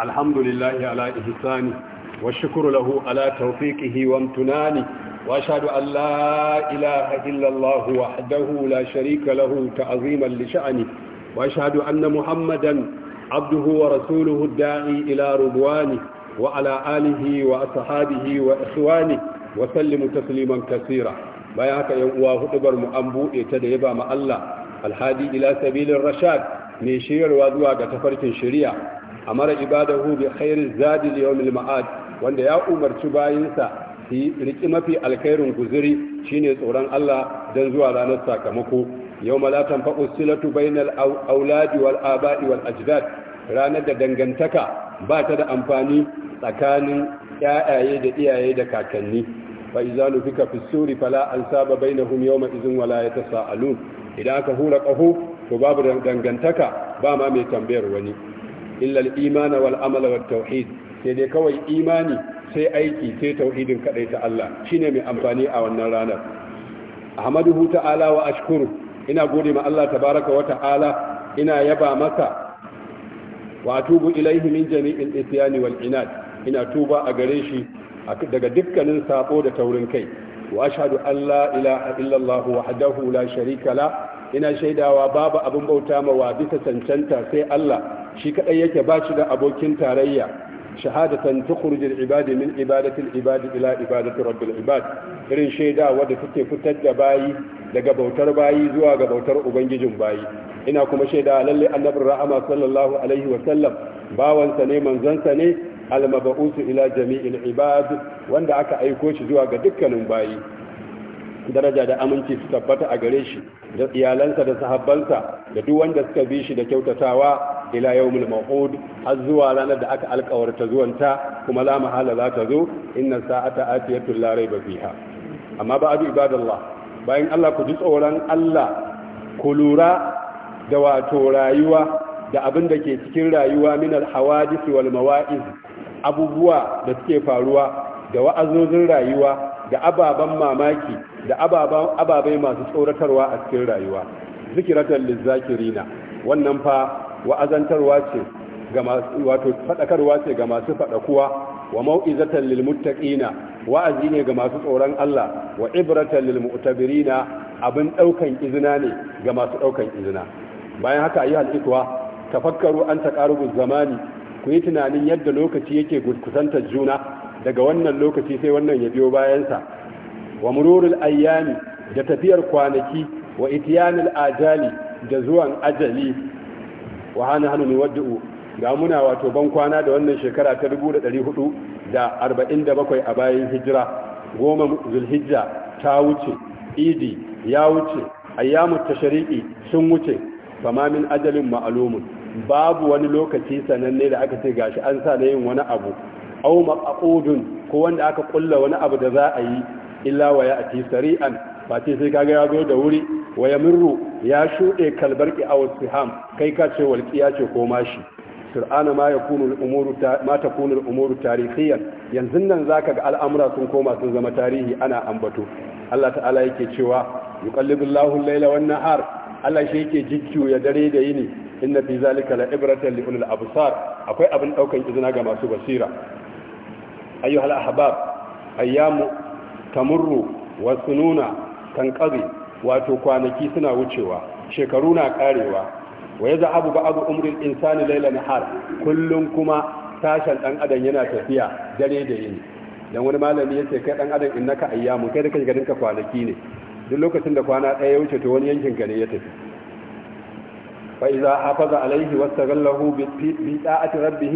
alhamdulillahi ala ihsani wa shukru lahu ala tawfiqihi wa imtinani wa ashhadu an la ilaha illa Allah wahdahu la sharika lahu ta'ziman li sha'ni wa ashhadu anna Muhammadan abduhu wa rasuluhu ad ila rubwani wa ala wa ashabihi wa ikhwani wa sallimu tasliman kaseera bayan haka yan uwa hudubar mu an buɗe ta da yaba ma Allah alhali ila sabilin rashad mai shiryarwa zuwa ga tafarkin shari'a amara ibadahu bi khairi zadi li ma'ad wanda ya umarci bayinsa su riki mafi alkhairin guzuri shine tsoron Allah dan zuwa ranar sakamako yawma la tanfa'u silatu bainal auladi wal aba'i wal ajdad ranar da dangantaka ba ta da amfani tsakanin ƴaƴaye da iyaye da kakanni fa iza nufika fi suri fala ansaba bainahum yawma idhin wala yatasaalun idan aka hura qahu to babu dangantaka ba ma mai tambayar wani illa al-iman wal amal wat tauhid sai dai kawai imani sai aiki sai tauhidin kadai ta Allah shine mai amfani a wannan ranar ahmaduhu ta'ala wa ashkuru ina gode ma Allah tabaraka wa ta'ala ina yaba masa wa atubu ilaihi min jami'il isyani wal inad ina tuba a gare shi daga dukkanin sabo da taurin kai wa ashhadu an la ilaha wahdahu la sharika la ina shaidawa babu abin bauta ma wa bisa cancanta sai Allah shi kadai yake ba shi da abokin tarayya shahadatan tukhrijul ibadi min ibadati al ibadi ila ibadati rabbil ibad irin shaida da take fitar da bayi daga bautar bayi zuwa ga bautar ubangijin bayi ina kuma shaida lalle annabi rahama sallallahu alaihi wa sallam bawansa ne manzansa ne al-mab'us ila jami'il ibad wanda aka aiko shi zuwa ga dukkanin bayi daraja da aminci su tabbata a gare shi da iyalansa da sahabbansa da duk wanda suka bi shi da kyautatawa ila yawmul maw'ud har zuwa ranar da aka alkawarta zuwanta kuma la mahala za ta zo inna sa'ata atiyatul la rayba fiha amma ba abu ibadallah bayan Allah ku ji tsoron Allah ku lura da wato rayuwa da abin da ke cikin rayuwa min alhawadis wal mawa'iz abubuwa da suke faruwa da wa'azozin rayuwa da ababen mamaki da ababai masu tsoratarwa a cikin rayuwa zikiratar lizakirina wannan fa wa'azantarwa ce ga masu wato fadakarwa ce ga masu fadakuwa wa mau'izatan lilmuttaqina wa'azi ne ga masu tsoron Allah wa ibratan lilmu'tabirina abin daukan izina ne ga masu daukan izina bayan haka ayi halikwa tafakkaru an taqarubuz zamani ku yi tunanin yadda lokaci yake kusantar juna daga wannan lokaci sai wannan ya biyo bayansa wa mururul ayyami da tafiyar kwanaki wa itiyanil ajali da zuwan ajali wa hana hannu ne wadda'u ga muna wato ban kwana da wannan shekara ta 447 a bayan hijira goma zulhijja ta wuce idi ya wuce ayyamu tashriqi sun wuce Famamin ajalin ma'lumun babu wani lokaci sananne da aka ce gashi an sa na yin wani abu au maqudun ko wanda aka kulla wani abu da za a yi illa wa ya ati sari'an ba ce sai kaga ya zo da wuri wa ya murru ya shuɗe kalbar ki wasu ham kai ka ce walƙiya ce ko mashi sur'ana ma ya kunu umuru ma ta kunu umuru tarihiyan yanzu nan zaka ga al'amura sun koma sun zama tarihi ana ambato Allah ta'ala yake cewa yuqallibullahu al-laila wan nahar Allah shi yake jikkiyu ya dare da yini inna fi zalika la ibratan li ulil absar akwai abin daukan izina ga masu basira ayyuhal ahbab ayyamu tamurru wasu nuna tankazi wato kwanaki suna wucewa shekaru na karewa wa ya ba abu umrin insani laila har kullum kuma tashan dan adam yana tafiya dare da yini dan wani malami ce kai dan adam naka ayyamu kai da kai ga dinka kwanaki ne duk lokacin da kwana ɗaya ya wuce to wani yankin gare ya tafi fa iza hafaza alaihi wastaghallahu bi ta'ati rabbih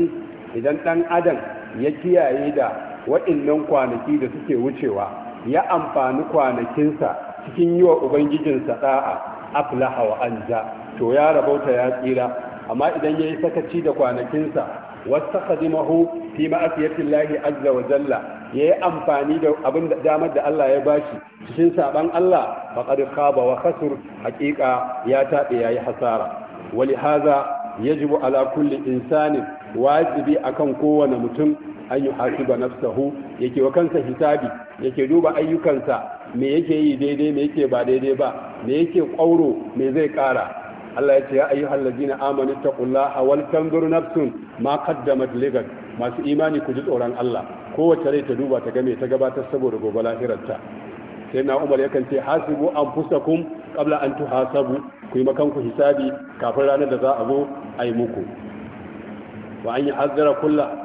idan dan adam ya kiyaye da waɗannan kwanaki da suke wucewa ya amfani kwanakinsa cikin yi wa ubangijinsa da'a aflaha wa anja to ya rabauta ya tsira amma idan ya yi sakaci da kwanakinsa wasu mahu fi ma'asiyatin lahi azza wa jalla ya yi amfani da abin da damar da Allah ya bashi cikin saɓan Allah faƙar khaba wa khasur haƙiƙa ya taɓe ya yi hasara wali haza yajibu ala kulli insanin wajibi akan kowane mutum an yi hasiba nafsahu yake wa kansa hisabi yake duba ayyukansa me yake yi daidai me yake ba daidai ba me yake kwauro me zai kara Allah ya ce ya ayyuhal ladina amanu taqullaha wal tanzur nafsun ma qaddamat ligad masu imani ku ji tsoron Allah kowace rai ta duba ta ga me ta gabatar saboda gobe hirarta sai na Umar yakan ce hasibu anfusakum qabla an tuhasabu ku yi makanku hisabi kafin ranar da za a zo a yi muku wa an yi hazara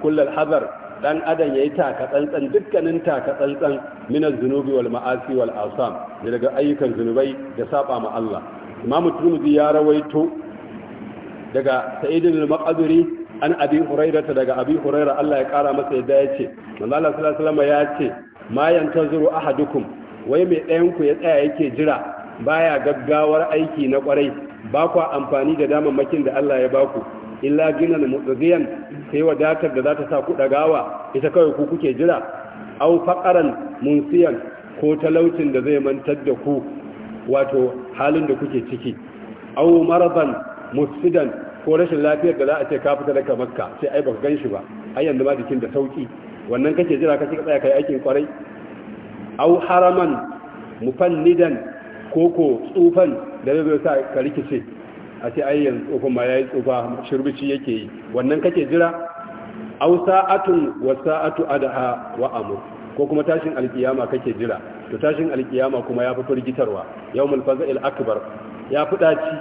kullal hazar dan adam yayi taka tsantsan dukkanin taka tsantsan min az-zunubi wal ma'asi wal asam daga ayyukan zunubai da saba ma Allah Imam Tirmidhi ya rawaito daga Sa'id al-Maqduri an Abi Hurairah daga Abi Hurairah Allah ya kara masa yadda yace manzo Allah sallallahu alaihi wasallam ce ma yantazuru ahadukum wai mai ɗayan ku ya tsaya yake jira baya gaggawar aiki na kwarai ba kwa amfani da damammakin da Allah ya baku illa ginan mutsaziyan sai wadatar da za ta sa ku gawa. ita kawai ku kuke jira au faƙaran munsiyan ko talaucin da zai mantar da ku wato halin da kuke ciki au maraban musidan ko rashin lafiyar da za a ce ka fita daga makka sai ai ku ganshi ba ai yanzu ma jikin da sauki wannan kake jira kace ka tsaya kai aikin kwarai au haraman mufannidan koko tsufan da zai sa ka rikice a ce ai tsofin ma ya yayi tsofa shirbici yake yi wannan kake jira au sa'atun wa sa'atu adha wa amur ko kuma tashin alkiyama kake jira to tashin alkiyama kuma ya fi firgitarwa yawmul faza'il akbar ya fi daci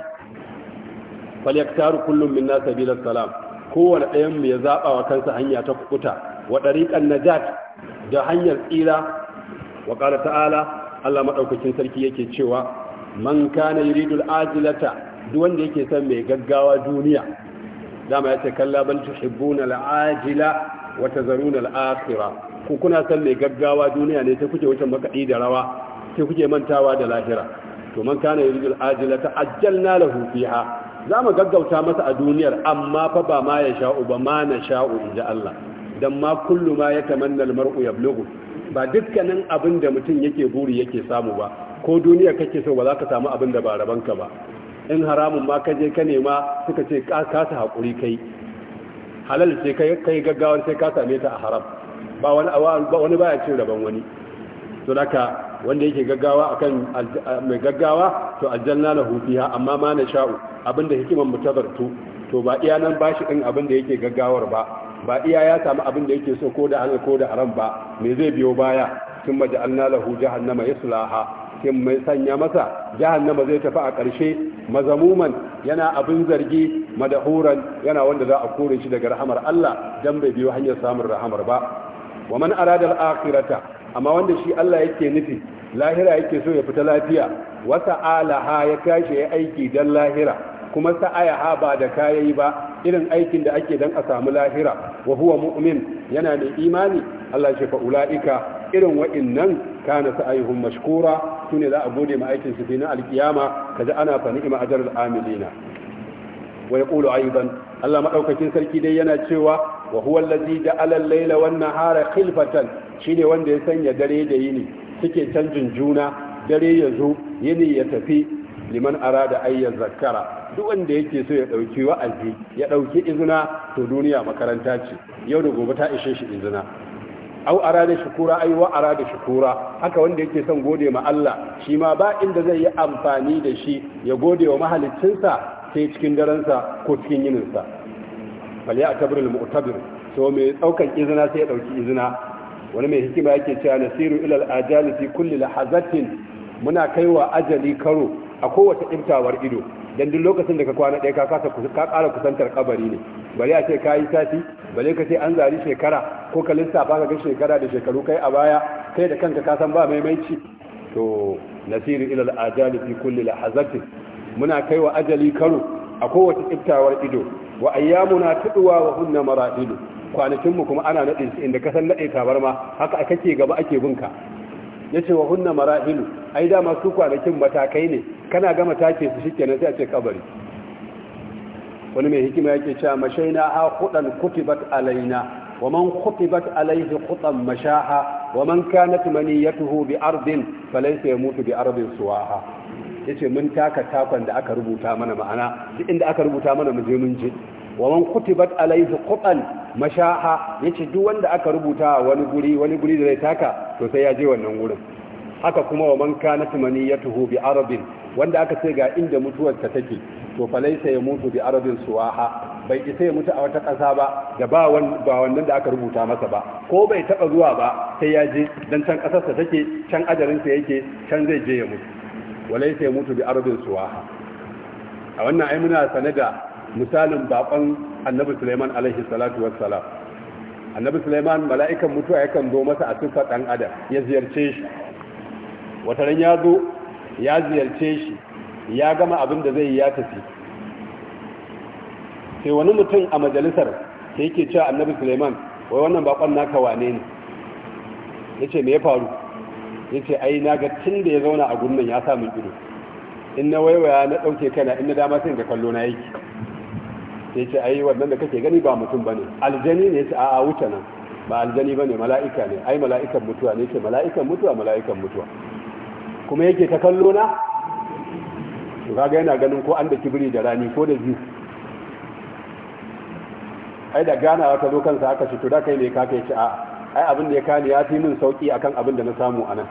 falyaktaru kullum minna sabila salam kowane ɗayan mu ya zaba wa kansa hanya ta kukuta wa dariqan najat da hanyar tsira wa qala ta'ala Allah maɗaukacin sarki yake cewa man kana yuridul ajilata duk wanda yake son mai gaggawa duniya dama ya ce kalla bal tuhibbuna al-ajila wa tazaruna al-akhirah ku kuna son mai gaggawa duniya ne sai kuke wucin makadi da rawa sai kuke mantawa da lahira to man kana yuridul ajila ajjalna lahu fiha zamu gaggauta masa a duniyar amma fa ba ma ya sha'u ba ma na sha'u inda Allah dan ma kullu ma yatamanna al-mar'u yablughu ba dukkanin abinda da mutum yake buri yake samu ba ko duniya kake so ba za ka samu abin da ba rabanka ba in haramun ma ka je ka nema suka ce ka kasa haƙuri kai halal ce ka yi gaggawar sai ka same ta a haram ba wani baya cin rabon wani to daga wanda yake gaggawa akan mai gaggawa to aljanna hufi fiha amma ma na sha'u abinda hikiman mu tabartu to ba iya nan ba shi ɗin abinda yake gaggawar ba ba iya ya samu abinda yake so ko da halal ko da haram ba mai zai biyo baya sun maja'alna lahu jahannama sulaha. sai mai sanya masa jahannama zai tafi a ƙarshe mazamuman yana abin zargi madahuran yana wanda za a kore shi daga rahamar Allah dan bai biyo hanyar samun rahamar ba wa man arada al-akhirata amma wanda shi Allah yake nufi lahira yake so ya fita lafiya wa alaha ya kashe ya aiki dan lahira kuma sa'ayaha ba da kayayi ba irin aikin da ake dan a samu lahira wa huwa mu'min yana da imani Allah ya fa ulaika irin wa'innan kana sa'ayuhum mashkura sune za a gode ma aikin su na alkiyama kaji ana fa ni'ma ajrul amilina wa yaqulu aidan Allah madaukakin sarki dai yana cewa wa huwa allazi ja'ala al-layla wan nahara khilfatan shine wanda ya sanya dare da yini suke canjin juna dare ya zo yini ya tafi liman arada ayyan zakkara duk wanda yake so ya dauki wa'azi ya dauki izina to duniya makaranta ce yau da gobe ta ishe shi izina au arada shukura ai wa arada shukura haka wanda yake son gode ma Allah shi ma ba inda zai yi amfani da shi ya gode wa mahaliccinsa sai cikin daransa ko cikin yininsa bal ya tabir al mu'tabir to mai daukan izina sai ya dauki izina wani mai hikima yake cewa nasiru ilal ajali fi kulli lahazatin muna kaiwa ajali karo a kowace imtawar ido dan duk lokacin da ka kwana ɗaya ka ƙara kusantar kabari ne Bari a ce ka yi sati bale ka ce an zari shekara ko ka lissafa ka ga shekara da shekaru kai a baya kai da kanka ka san ba maimaici to nasiru ilal ajali fi kulli lahazatin muna kai wa ajali karo a kowace tsiftawar ido wa ayyamuna tuduwa wa hunna maradidu kwanakin mu kuma ana nadin su inda kasan nade ma haka kake gaba ake bunka yace wa hunna maradidu ai da su kwanakin matakai ne kana gama take su shikenan sai a ce kabari wani mai hikima yake cewa mashaina a hudan kutibat alaina wa man kutibat alaihi khutan mashaha wa man kanat maniyatuhu bi ardin falaysa yamutu bi ardin suwaha yace mun taka takon da aka rubuta mana ma'ana duk inda aka rubuta mana mu je mun je wa man kutibat alaihi qutan mashaha yace duk wanda aka rubuta wani guri wani guri da zai taka to sai ya je wannan gurin haka kuma wa man ya ya bi arabin wanda aka ce ga inda mutuwar ta take to falaisa ya mutu bi arabin suwaha bai isa ya mutu a wata ƙasa ba da ba wannan da aka rubuta masa ba ko bai taɓa zuwa ba sai ya je dan can ƙasarsa take can ajalinsa yake can zai je ya mutu walaisa ya mutu bi arabin suwaha a wannan ai muna sane da misalin baƙon annabi Sulaiman alaihi salatu wassalam annabi Sulaiman mala'ikan mutuwa yakan zo masa a siffar ɗan adam ya ziyarce shi wata ran ya zo ya ziyarce shi ya gama abin da zai yi ya tafi sai wani mutum a majalisar sai yake cewa annabi suleiman wai wannan bakon naka wane ne ya ce me ya faru ya ce ai na ga tun da ya zauna a gunnan ya samun ido in na waiwaya na ɗauke kana in na dama sai ga kallo na yake sai ce ai wannan da kake gani ba mutum ba ne. aljani ne ya ce a wuce nan ba aljani ba ne mala'ika ne ai mala'ikan mutuwa ne ce mala'ikan mutuwa mala'ikan mutuwa kuma yake ta kallo na to kaga yana ganin ko an da kibiri da rani ko da biyu ai da ganawa ta zo kansa aka shi to da kai ne ka kai ci a ai abin da ya kani ya fi min sauki akan abin da na samu a nan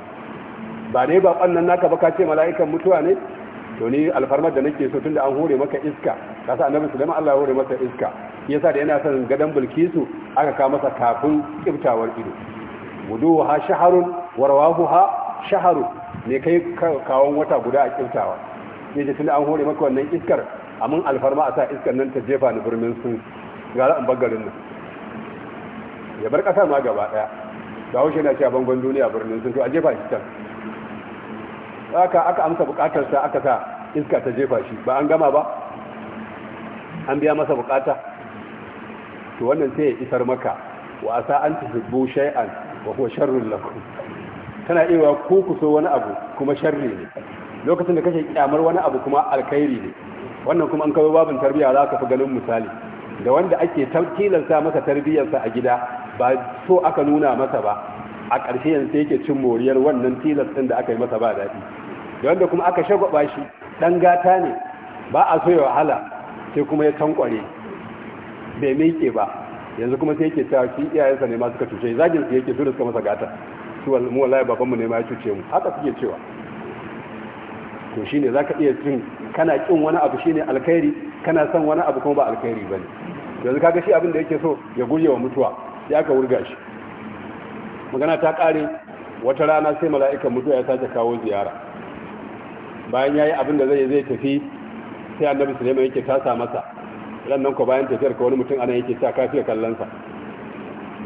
ba dai ba nan naka ba ka ce mala'ikan mutuwa ne to ni alfarmar da nake so tunda an hore maka iska kasa annabi sulaiman Allah ya hore masa iska yasa da yana son gadan bilkisu aka ka masa kafin kiftawar ido shaharun shahrun ha shaharu ne kai kawon wata guda a kyautawa ne da tun an hore maka wannan iskar amin alfarma a sa iskar nan ta jefa ni birnin sun gara an bagarin nan ya bar kasa ma gaba daya da haushe na cewa bangon duniya birnin sun to a jefa shi can haka aka amsa bukatarsa aka sa iska ta jefa shi ba an gama ba an biya masa bukata to wannan sai ya isar maka wa asa an tuhibbu shay'an wa huwa sharrun lakum tana iya ko ku wani abu kuma sharri ne lokacin da kake kyamar wani abu kuma alkhairi ne wannan kuma an kawo babin tarbiyya za ka fi ganin misali da wanda ake tilasta masa tarbiyyarsa a gida ba so aka nuna masa ba a ƙarshe yanzu yake cin moriyar wannan tilas ɗin da aka yi masa ba daɗi da wanda kuma aka shagwaba shi ɗan gata ne ba a so ya wahala sai kuma ya tankware bai miƙe ba yanzu kuma sai yake ta shi iyayensa ne ma suka cuce zagin su yake su suka masa gata ci mu wallahi baban mu ne ma ya cuce mu haka suke cewa to shine zaka iya cin kana kin wani abu shine alkhairi kana son wani abu kuma ba alkhairi bane yanzu kaga shi abin da yake so ya guje wa mutuwa sai aka wurga shi magana ta kare wata rana sai mala'ikan mutuwa ya sake kawo ziyara bayan yayi abin da zai zai tafi sai annabi sulaiman yake tasa masa ran nan ko bayan tafiyar ka wani mutum ana yake sa kafiya kallon sa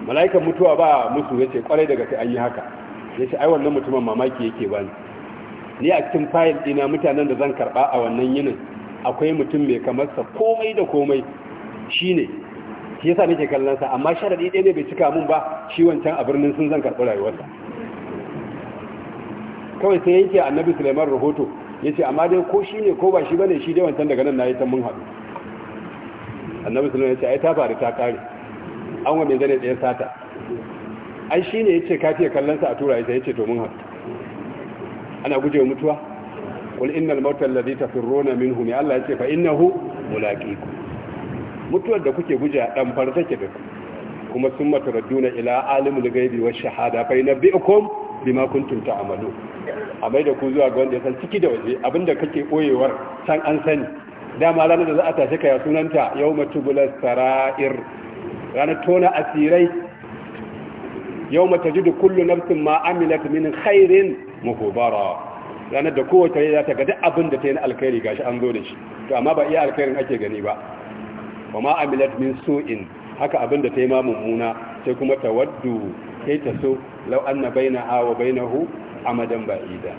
mala'ikan mutuwa ba musu ce kwarai daga sai an yi haka ce ai wannan mutumin mamaki yake bani ni a cikin fayil ɗina mutanen da zan karba a wannan yinin akwai mutum mai kamar sa komai da komai ne shi yasa nake kallon sa amma sharadi ɗaya ne bai cika mun ba shi wancan a birnin sun zan karɓi rayuwarsa kawai sai yake annabi Sulaiman rahoto yace amma dai ko shi ne ko ba shi bane shi dai wancan daga nan nayi ta mun haɗu annabi Sulaiman yace ai ta faru ta kare an wa mai zane ɗayan sata ai shi ne ya ce kafiya kallonsa a tura ita ya ce domin haka ana gujewa mutuwa kul inna al-mautal ladhi tafirruna ya Allah ya ce fa innahu ku. mutuwar da kuke guje dan farta ke da ku. kuma sun mataradduna ila alimul ghaibi wash shahada fa inabbiukum bima kuntum ta'malu a mai da ku zuwa ga wanda ya san ciki da waje abinda kake koyewar san an sani dama ranar da za a tashi ka ya sunanta yawmatu tubulas sarair ranar tona asirai yau mata jidu kullu nafsin ma amilat min khairin muhubara ranar da kowace rai ta gada abin da ta yi alkhairi gashi an zo da shi to amma ba iya alkhairin ake gani ba wa ma amilat min su'in haka abin da ta yi ma mummuna sai kuma ta waddu sai ta so lau an na baina wa bainahu amadan ba'ida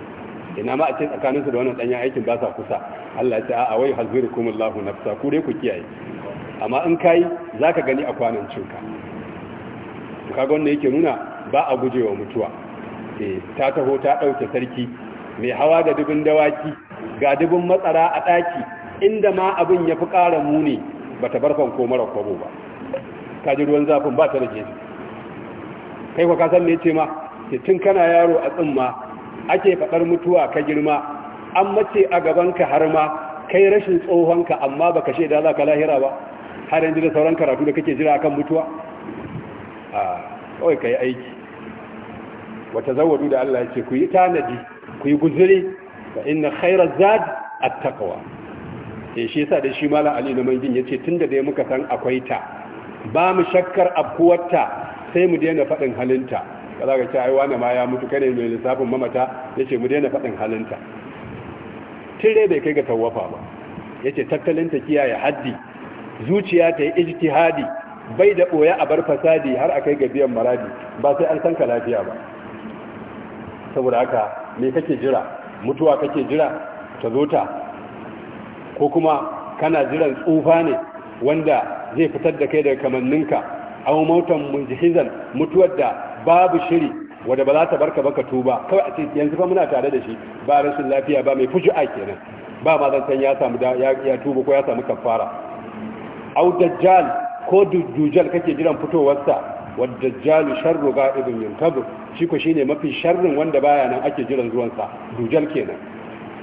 ina ma a ce tsakaninsu da wannan danyen aikin ba sa kusa Allah ya ce a wai hazzirukumullahu nafsa ku dai ku kiyaye amma in kai za ka gani a kwanan cinka, kaga wanda yake nuna ba a gujewa mutuwa eh, ta taho ta ɗauke sarki mai hawa da dubin dawaki ga dubin matsara a ɗaki inda ma abin ya fi ƙara muni ba ta barfan ko mara kwabo ba ka ji ruwan zafin ba ta da jeji kai kwa kasan me ce ma ke tun kana yaro a tsimma ake faɗar mutuwa ka girma an mace a gabanka har ma kai rashin tsohonka amma baka shaida za ka lahira ba har yanzu da sauran karatu da kake jira akan mutuwa a kawai ka yi aiki wata zawadu da Allah ya ce ku yi tanadi ku yi guzuri ba inna khaira zad attaqwa sai eh, shi sa da shi malam Ali na mangin yace tunda da muka san akwai ta ba mu shakkar abkuwarta sai mu daina faɗin halinta kaza ga cewa ai wani ma ya mutu kane mai lissafin mamata yace mu daina faɗin halinta tire bai kai ga tawafa ba yace tattalinta kiyaye haddi zuciya ta yi ijtihadi bai da ɓoya a bar fasadi har akai ga biyan maradi ba sai an san ka lafiya ba saboda haka me kake jira mutuwa kake jira ta zo ta ko kuma kana jiran tsufa ne wanda zai fitar da kai daga kamanninka a mautan mujhizan mutuwar da babu shiri wanda ba za ta barka baka tuba kawai a ce yanzu fa muna tare da shi ba rashin lafiya ba mai a kenan ba ma zan san ya samu ya tuba ko ya samu kafara au dajjal ko dujjal kake jiran fitowarsa wadda dajjalu sharru ga'ibun yankabu shi ko shine mafi sharrin wanda baya nan ake jiran zuwansa dujjal kenan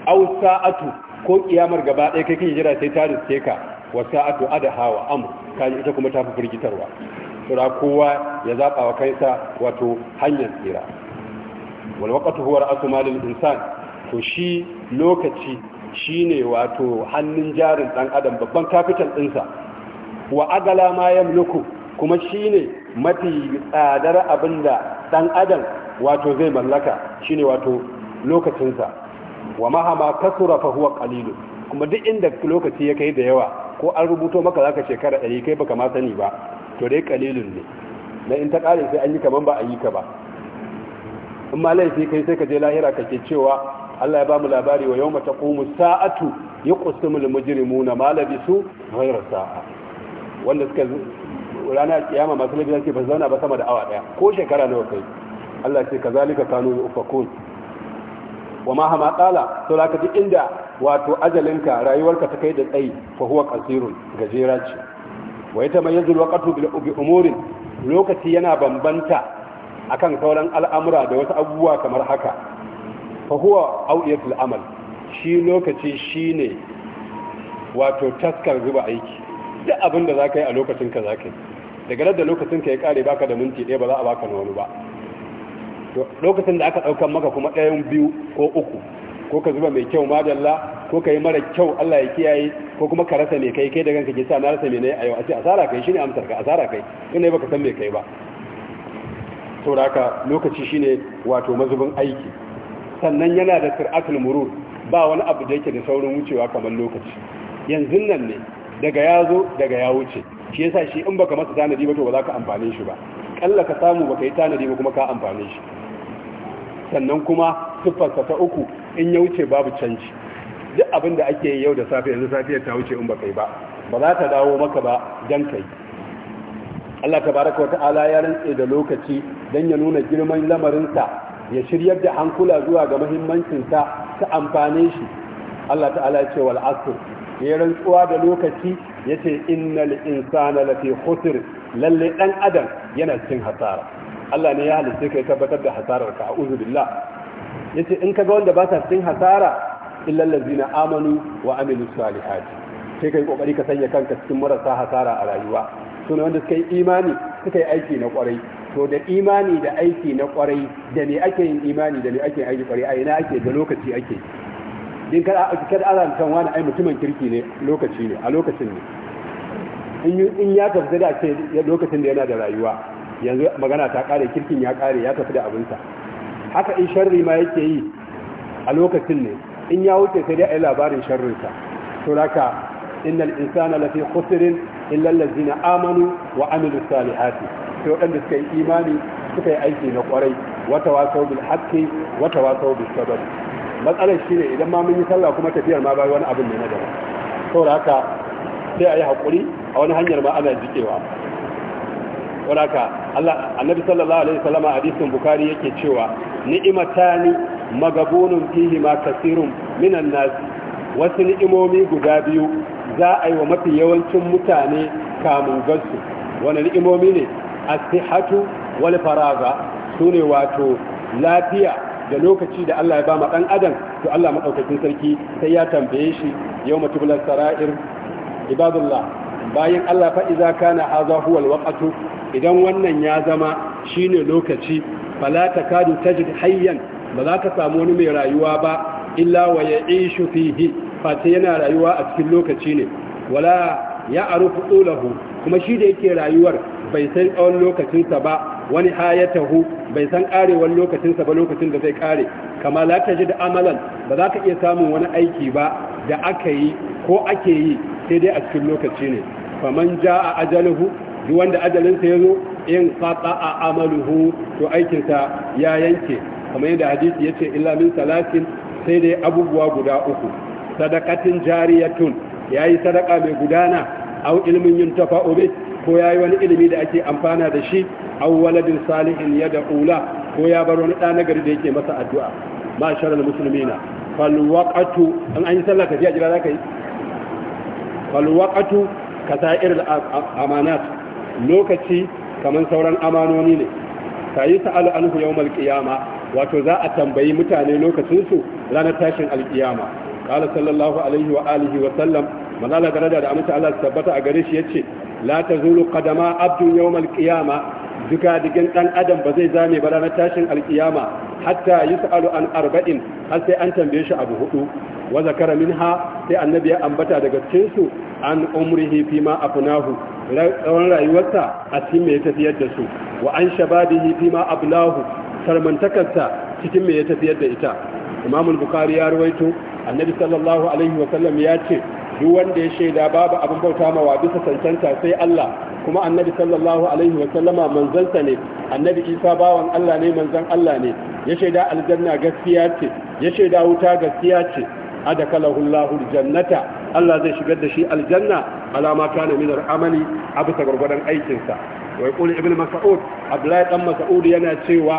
au sa'atu ko ƙiyamar gaba ɗaya kake jira sai ta riske ka wa sa'atu adaha wa amr kaji ita kuma ta fi firgitarwa tsira kowa ya zaɓa wa kansa wato hanyar tsira wani wakatu huwar asumalin insan to shi lokaci shi ne wato hannun jarin ɗan adam babban kafitan ɗinsa wa agala ma yamluku kuma shine mafi tsadar abinda dan adam wato zai mallaka shine wato lokacinsa wa mahama kasura fa huwa kuma duk inda lokaci ya kai da yawa ko an rubuto maka zaka shekara 100 kai baka ma sani ba to dai qalilun ne Na in ta kare sai an yi kaman ba a yi ka ba in ma laifi kai sai ka je lahira kake cewa Allah ya ba mu labari wa yawma taqumu sa'atu yuqsimul mujrimuna ma labisu ghayra sa'a wanda suka rana kiyama masu laifi za su zauna ba sama da awa daya ko shekara nawa kai Allah ce ka zalika kanu yufakun wa ma hama qala to ka ji inda wato ajalinka rayuwarka ta kai da tsayi fa huwa qasirun gajera ce wa yatamayyazu alwaqtu bi umurin lokaci yana bambanta akan sauran al'amura da wasu abubuwa kamar haka fa huwa amal shi lokaci shine wato taskar zuba aiki duk abin da za ka yi a lokacin ka za ka yi daga da lokacin ka ya kare baka da minti ɗaya ba za a baka na wani ba lokacin da aka ɗaukan maka kuma ɗayan biyu ko uku ko ka zuba mai kyau majalla ko ka yi mara kyau Allah ya kiyaye ko kuma ka rasa mai kai kai da kanka gisa sa na rasa mai yi a yau a ce asara kai shi ne amsar ka asara kai in ne baka san mai kai ba da haka lokaci shi ne wato mazubin aiki sannan yana da sir'atul murur ba wani abu da yake da saurin wucewa kamar lokaci yanzu nan ne daga ya zo daga ya wuce shi yasa shi in baka masa tanadi ba to ba za ka amfane shi ba kalla ka samu baka yi tanadi ba kuma ka amfane shi sannan kuma siffarsa ta uku in ya wuce babu canji duk abin da ake yi yau da safe yanzu safiyar ta wuce in baka yi ba ba za ta dawo maka ba dan kai Allah tabaraka wa ta'ala ya rantse da lokaci dan ya nuna girman lamarinsa ya shiryar da hankula zuwa ga muhimmancinsa ta amfane shi Allah ta'ala ya ce wal asr ya rantsuwa da lokaci ya yace innal insana lafi khusr lalle dan adam yana cikin hasara Allah ne ya halitta kai tabbatar da hasarar ka a'udhu billah yace in ka ga wanda ba sa cikin hasara illa allazina amanu wa amilu salihati sai kai kokari ka sanya kanka cikin marasa hasara a rayuwa ne wanda suka yi imani suka yi aiki na kwarai to da imani da aiki na kwarai da me ake yin imani da me ake aiki kwarai a ina ake da lokaci ake yi? din kada kada ana kan wani ai mutumin kirki ne lokaci ne a lokacin ne in ya tafi da ce lokacin da yana da rayuwa yanzu magana ta kare kirkin ya kare ya tafi da abinsa haka in sharri ma yake yi a lokacin ne in ya wuce sai dai ai labarin sharrinsa to haka innal insana lafi khusrin illa allazina amanu wa amilus salihati sai da suka yi imani suka yi aiki na kwarai wata wasau bil haqqi wata wasau bis sabr matsalar shi ne idan ma mun yi sallah kuma tafiyar ma bai wani abin ne na gaba saboda haka sai a yi haƙuri a wani hanyar ma ana jikewa saboda haka Allah annabi sallallahu alaihi wasallam a hadisin bukhari yake cewa ni'matani magabunun fihi ma kasirun minan nas wasu ni'imomi guda biyu za a yi wa mafi yawancin mutane kamun gansu wani ni'imomi ne asihatu wal faraga sune wato lafiya da lokaci da Allah ya ba ma adam to Allah madaukakin sarki sai ya tambaye shi yau matubulan sara'ir ibadullah bayan Allah fa iza kana haza huwa alwaqtu idan wannan ya zama shine lokaci fala takadu tajid hayyan ba za ka samu wani mai rayuwa ba illa wa ya'ishu fihi fa yana rayuwa a cikin lokaci ne wala ya arufu ulahu kuma shi da yake rayuwar bai san tsawon lokacinsa ba wani hayatahu bai san karewar lokacinsa ba lokacin da zai kare kama la ta da amalan ba za ka iya samun wani aiki ba da aka yi ko ake yi sai dai a cikin lokaci ne faman ja a ajaluhu duk wanda ajalinsa ya zo in fata a amaluhu to aikinsa ya yanke kamar yadda hadisi ya ce illa min salatin sai dai abubuwa guda uku sadakatin jariyatun ya yi sadaka mai gudana au ilmin yin tafa'o ko ya yi wani ilimi da ake amfana da shi awwaladin salihin ya da ula ko ya bar wani ɗa nagari da yake masa addu'a ma sharar musulmina falwaqatu an an yi sallah ka ji a jira za ka yi ka sa'ir amanat lokaci kamar sauran amanoni ne ta yi sa'alu anhu yawmal qiyama wato za a tambayi mutane lokacin su ranar tashin alkiyama qala sallallahu alaihi wa alihi wa sallam manala garada da amince Allah tabbata a gare shi yace la tazulu kadama abdun yawmal qiyama duka digin dan adam ba zai zame ba ranar tashin alkiyama hatta yus'alu an arba'in har sai an tambaye shi abu hudu wa zakara minha sai annabi ya ambata daga cinsu an umrihi fi ma afnahu tsawon rayuwarsa a cikin mai ya tafiyar da su wa an shababihi fi ma ablahu sarmantakarsa cikin mai ya tafiyar da ita imamul bukhari ya ruwaito annabi sallallahu alaihi wa sallam ya ce duk wanda ya shaida babu abin bauta ma wa bisa cancanta sai Allah kuma annabi sallallahu alaihi wa sallama manzansa ne annabi Isa bawan Allah ne manzan Allah ne ya shaida aljanna gaskiya ce ya shaida wuta gaskiya ce adakalahu Allahu aljannata Allah zai shigar da shi aljanna alama kana min al'amali a bisa gurgurdan aikinsa wai qul ibn mas'ud abdullahi dan mas'ud yana cewa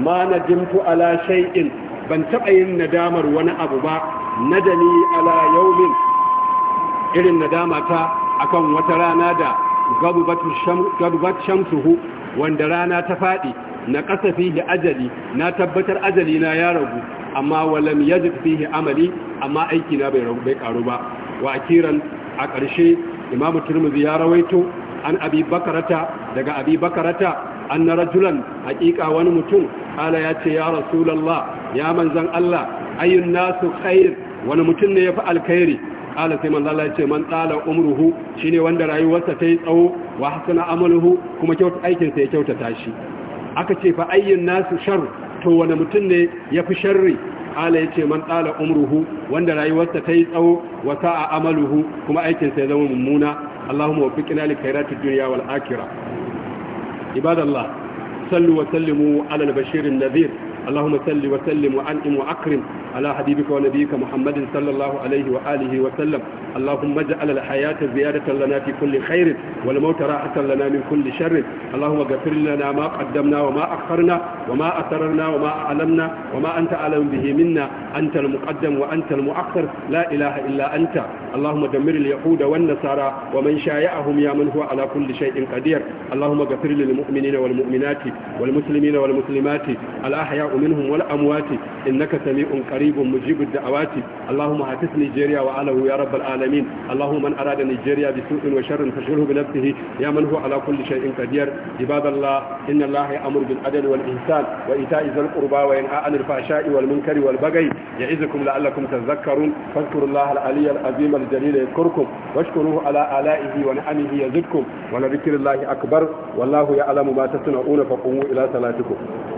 ma nadimtu ala shay'in ban taba yin nadamar wani abu ba nadani ala yawmin irin nadama ta akan wata rana da gabubat shamsuhu wanda rana ta faɗi na ƙasa fiye ajali na tabbatar ajali na ya ragu amma walam yajid fihi amali amma aiki na bai ragu bai karu ba wa akiran a ƙarshe imam turmuzi ya rawaito an abi bakarata daga abi bakarata an na rajulan haƙiƙa wani mutum ala ya ce ya rasulallah ya manzan allah ayyun nasu khair wani mutum ne ya fi alkhairi qala sai manzo Allah ya ce man tsala umruhu shine wanda rayuwarsa ta yi tsawo wa hasana amaluhu kuma kyauta aikin sa ya kyautata shi aka ce fa ayyin nasu shar to wani mutum ne yafi sharri ya ce man tsala umruhu wanda rayuwarsa ta yi tsawo wa sa'a amaluhu kuma aikin sa ya zama mummuna Allahumma waffiqna li khairatid dunya wal akhirah ibadallah sallu wa sallimu ala al-bashir an-nadhir اللهم صل وسلم وأنعم وأكرم على حبيبك ونبيك محمد صلى الله عليه وآله وسلم اللهم اجعل الحياة زيادة لنا في كل خير والموت راحة لنا من كل شر اللهم اغفر لنا ما قدمنا وما أخرنا وما أسررنا وما أعلمنا وما أنت أعلم به منا أنت المقدم وأنت المؤخر لا إله إلا أنت اللهم دمر اليهود والنصارى ومن شايعهم يا من هو على كل شيء قدير اللهم اغفر للمؤمنين والمؤمنات والمسلمين والمسلمات الأحياء منهم والأموات إنك سميع قريب مجيب الدعوات اللهم هاتف نيجيريا وعله يا رب العالمين اللهم من أراد نيجيريا بسوء وشر فشره بنفسه يا من هو على كل شيء قدير عباد الله إن الله يأمر بالعدل والإحسان وإيتاء ذي القربى وينهى عن الفحشاء والمنكر والبغي يعظكم لعلكم تذكرون فاذكروا الله العلي العظيم الجليل يذكركم واشكروه على آلائه ونعمه يزدكم ولذكر الله أكبر والله يعلم ما تصنعون فقوموا إلى صلاتكم